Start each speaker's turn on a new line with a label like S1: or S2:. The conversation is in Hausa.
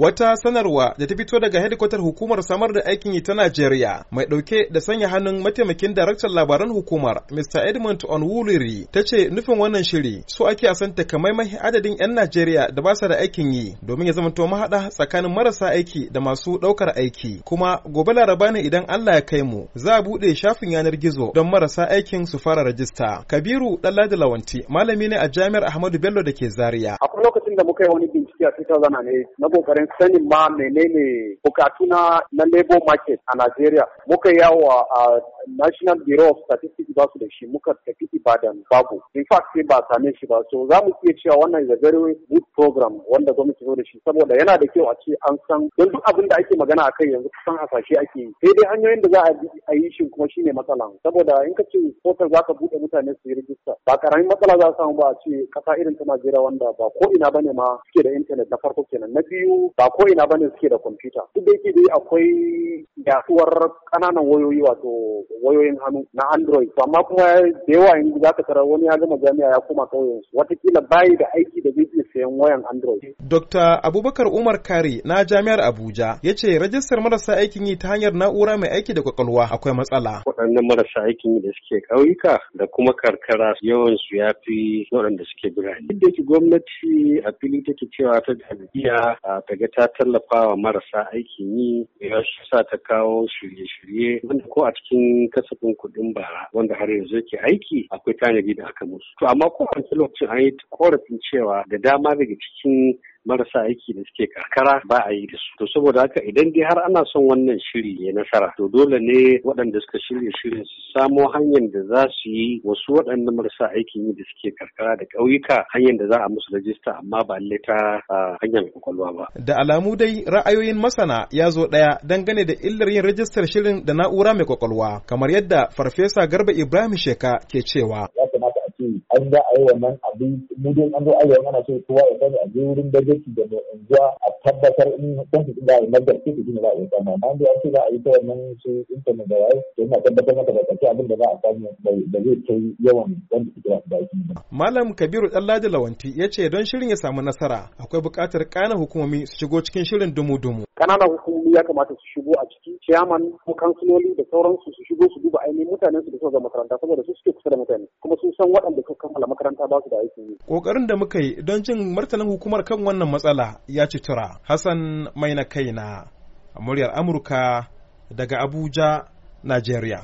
S1: Wata sanarwa da ta fito daga hedikwatar hukumar samar da aikin yi ta Najeriya mai ɗauke da sanya hannun mataimakin daraktan labaran hukumar Mr. Edmund Onwuliri ta ce nufin wannan shiri so ake a san takamaimai adadin 'yan Najeriya da ba su da aikin yi domin ya zama mahaɗa tsakanin marasa aiki da masu ɗaukar aiki. Kuma gobe laraba ne idan Allah ya kai mu za a buɗe shafin yanar gizo don marasa aikin su fara rajista. Kabiru Ɗanladi Lawanti malami ne a Jami'ar Ahmadu Bello da ke Zaria. Akwai
S2: lokacin da muka yi wani bincike a 2008 na kokarin sanin ma menene bukatu na na labor market a Najeriya muka yawa a National Bureau of Statistics ba su da shi muka tafi Ibadan babu in fact sai ba same shi ba so za mu iya cewa wannan is a very good program wanda gwamnati zo da shi saboda yana da kyau a ce an san don duk abin da ake magana a kai yanzu kusan hasashe ake yi sai dai hanyoyin da za a yi shi kuma shine matsala saboda in ka ce portal za ka buɗe mutane su yi rijista ba karamin matsala za a samu ba a ce kasa irin ta Najeriya wanda ba ko ina bane ma suke da intanet na farko kenan na biyu ba ko ina bane suke da kwamfuta duk da yake dai akwai yasuwar ƙananan wayoyi wato wayoyin hannu na android to amma kuma da yawa in za ka tara wani ya gama jami'a ya koma kauyen su watakila bayi da aiki da zai iya sayan wayan android.
S1: dr abubakar umar kare na jami'ar abuja ya ce rajistar marasa aikin yi ta hanyar na'ura mai aiki da kwakwalwa akwai matsala.
S3: waɗannan marasa aikin yi da suke ƙauyuka da kuma karkara yawan su ya fi waɗanda suke birane. duk da gwamnati a fili take cewa ta jami'a ta ga ta tallafa marasa aikin yi ya shi sa ta kawo shirye-shirye wanda ko a cikin kasafin kuɗin bara wanda har yanzu yake aiki akwai tanadi da aka musu. To amma ko kowace lokacin an yi korafin cewa da dama daga cikin marasa aiki da suke karkara ba a yi da su to saboda haka idan dai har ana son wannan shiri ya nasara to dole ne waɗanda suka shirya shirin su samo hanyar da za su yi wasu waɗanda marasa aikin yi da suke karkara da ƙauyuka hanyar da za a musu rajista amma ba ta hanyar kwakwalwa ba
S1: da alamu dai ra'ayoyin masana ya zo ɗaya dangane da illar yin rajistar shirin da na'ura mai kwakwalwa kamar yadda farfesa garba ibrahim sheka ke cewa ce an za a yi wannan abin mu dai an zo arewa ana so kowa ya sani a je wurin dagaci da mai unguwa a tabbatar
S2: in kan su za na da nazar su za a yi sama amma dai an ce za a yi ta wannan su intanet da waye to ina tabbatar maka da kake abin da za a samu da zai kai yawan wanda suke da baki
S1: malam kabiru ɗanladi lawanti ya ce don shirin ya samu nasara akwai buƙatar ƙana hukumomi su shigo cikin shirin dumu-dumu
S2: kananan hukumomi ya kamata su shigo a ciki chairman ko kansiloli da sauransu su shigo su duba ainihin mutanen su da suka makaranta saboda su suke kusa da mutane kuma sun san waɗanda suka kammala makaranta ba
S1: su da aikin yi kokarin da muka yi don jin martanin hukumar kan wannan matsala ya ci tura hassan maina na muryar amurka daga abuja najeriya